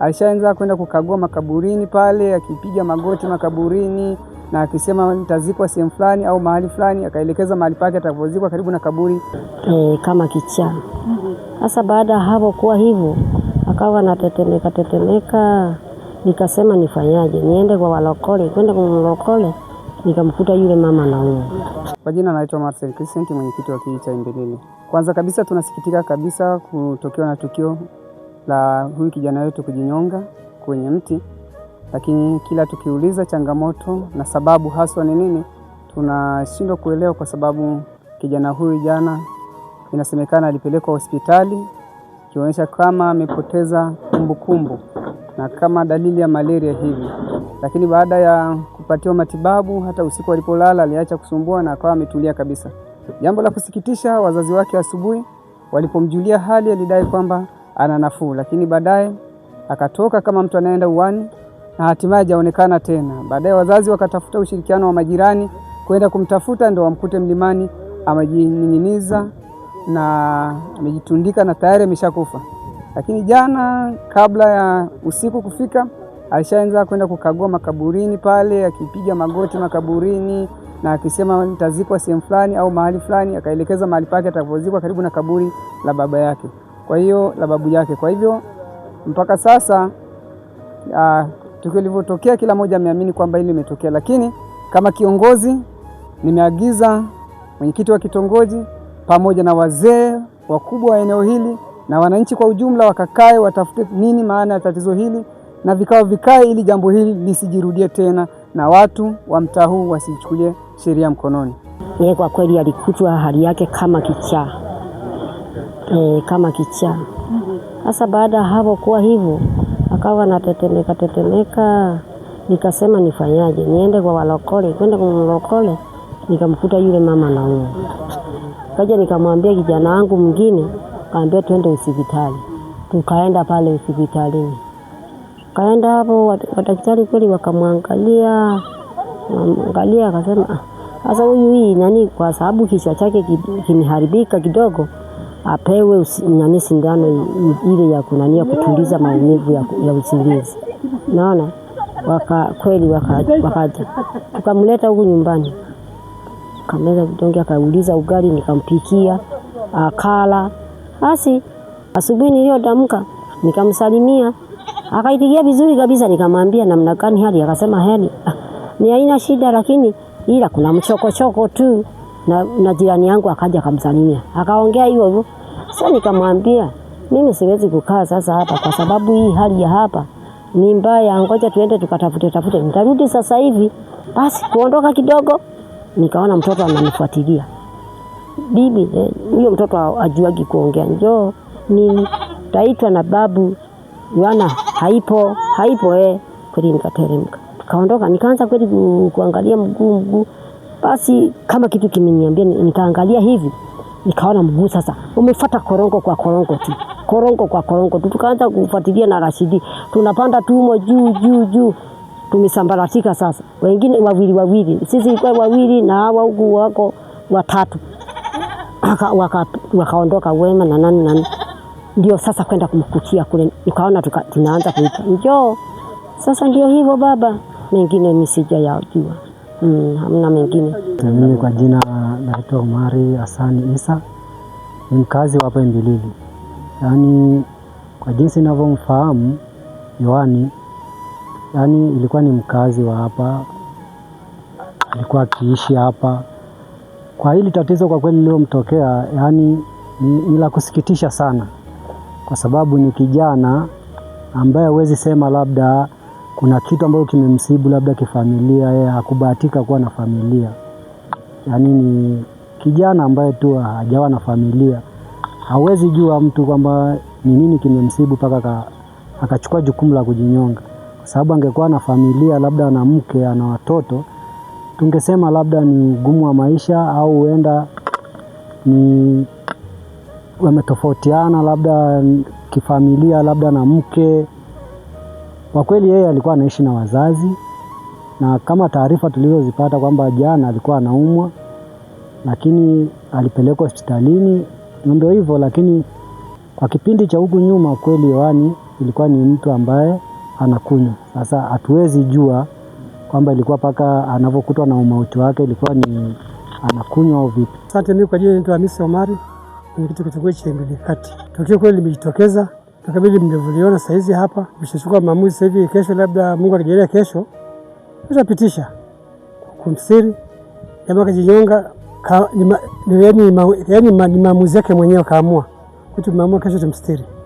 Alishaanza kwenda kukagua makaburini pale, akipiga magoti makaburini na akisema nitazikwa sehemu fulani au mahali fulani, akaelekeza mahali pake atakapozikwa karibu na kaburi e, kama kichaa. Sasa baada ya hapo kuwa hivyo, akawa natetemeka tetemeka, nikasema nifanyaje? Niende kwa walokole? Kwenda kwa walokole nikamkuta yule mama naumu Kwa jina naitwa Marcel Crescent, mwenyekiti wa kijiji cha Imbelile. Kwanza kabisa tunasikitika kabisa kutokewa na tukio la huyu kijana wetu kujinyonga kwenye mti, lakini kila tukiuliza changamoto na sababu haswa ni nini, tunashindwa kuelewa, kwa sababu kijana huyu jana inasemekana alipelekwa hospitali ikionyesha kama amepoteza kumbukumbu na kama dalili ya malaria hivi, lakini baada ya kupatiwa matibabu, hata usiku alipolala aliacha kusumbua na akawa ametulia kabisa. Jambo la kusikitisha, wazazi wake asubuhi walipomjulia hali alidai kwamba ana nafuu, lakini baadaye akatoka kama mtu anaenda uwani na hatimaye hajaonekana tena. Baadaye wazazi wakatafuta ushirikiano wa majirani kwenda kumtafuta, ndio wamkute mlimani amejining'iniza na amejitundika na tayari ameshakufa. Lakini jana kabla ya usiku kufika, alishaanza kwenda kukagua makaburini pale, akipiga magoti makaburini na akisema nitazikwa sehemu fulani au mahali fulani, akaelekeza mahali pake atakapozikwa karibu na kaburi la baba yake kwa hiyo la babu yake. Kwa hivyo mpaka sasa uh, tukio lilivyotokea, kila mmoja ameamini kwamba hili limetokea, lakini kama kiongozi nimeagiza mwenyekiti wa kitongoji pamoja na wazee wakubwa wa eneo hili na wananchi kwa ujumla wakakae, watafute nini maana ya tatizo hili na vikao vikae, ili jambo hili lisijirudie tena na watu wa mtaa huu wasichukulie sheria mkononi. Yeye kwa kweli alikutwa hali yake kama kichaa e, kama kichaa. Sasa baada ya hapo kuwa hivyo, akawa natetemeka tetemeka, nikasema nifanyaje? Niende kwa walokole? Kwenda kwa walokole, nikamkuta yule mama nauma, kaja nikamwambia kijana wangu mwingine, kaambia twende hospitali. Tukaenda pale hospitalini, kaenda hapo wadaktari kweli, wakamwangalia angalia, akasema ah, sasa huyu hii nani, kwa sababu kichwa chake kimeharibika kidogo apewe nani sindano ile ya kunania kutuliza maumivu ya, ya usingizi. Naona waka, kweli wakaja waka, tukamleta huku nyumbani, kameza vidonge, akauliza ugali, nikampikia akala. Basi asubuhi niliyodamka nikamsalimia, akaitikia vizuri kabisa, nikamwambia namna gani hali, akasema hali ah, ni aina shida, lakini ila kuna mchokochoko tu na, na jirani yangu akaja akamsalimia akaongea hivyo hivyo. Sasa nikamwambia mimi siwezi kukaa sasa hapa kwa sababu hii hali ya hapa ni mbaya, ngoja tuende tukatafute tafute, nitarudi sasa hivi. Basi kuondoka kidogo, nikaona mtoto ananifuatilia bibi eh, huyo. Eh, mtoto ajuagi kuongea, njoo ni taitwa na babu Yohana, haipo haipo, eh. Kweli nikateremka tukaondoka, nikaanza kweli kuangalia mguu mguu basi kama kitu kimeniambia, nikaangalia hivi nikaona mguu sasa umefuata korongo kwa korongo tu, korongo kwa korongo tu. Tukaanza kufuatilia na Rashidi, tunapanda tumo juu juu juu, tumesambaratika sasa, wengine wawili wawili, sisi ilikuwa wawili na hawa huku wako watatu, wakaondoka waka Wema na nani nani, ndio sasa kwenda kumkutia kule. Nikaona tunaanza kuita njoo sasa, ndio hivyo baba, mengine ni sijayajua mm, hamna mengine. Mimi kwa jina naitwa Umari Hasani Isa, ni mkazi wa hapa Imbilili. Yaani kwa jinsi ninavyomfahamu Yohani, yaani ilikuwa ni mkazi wa hapa, alikuwa akiishi hapa. Kwa hili tatizo kwa kweli lililomtokea, yaani ni la kusikitisha sana, kwa sababu ni kijana ambaye huwezi sema labda kuna kitu ambacho kimemsibu labda kifamilia, yeye hakubahatika kuwa na familia, yaani ni kijana ambaye tu hajawa na familia. Hawezi jua mtu kwamba ni nini kimemsibu mpaka akachukua jukumu la kujinyonga, kwa sababu angekuwa na familia, labda ana mke, ana watoto, tungesema labda ni ugumu wa maisha au huenda ni wametofautiana labda kifamilia, labda na mke kwa kweli yeye alikuwa anaishi na wazazi, na kama taarifa tulizozipata kwamba jana alikuwa anaumwa, lakini alipelekwa hospitalini ndio hivyo. Lakini kwa kipindi cha huku nyuma, kweli Yohani ilikuwa ni mtu ambaye anakunywa. Sasa hatuwezi jua kwamba ilikuwa paka anavyokutwa na umauti wake ilikuwa ni anakunywa au vipi. Asante. Mimi kwa jina naitwa Hamisi Omari, mwenyekiti kitongoji cha Imbili Kati. Tukio kweli limejitokeza tukabidi mlivyoliona saizi hapa mshachukua maamuzi sasa hivi. Kesho labda Mungu akijalia, kesho tutapitisha kumsiri jamaa kajinyonga, ni maamuzi yake mwenyewe kaamua, tumeamua kesho tumstiri.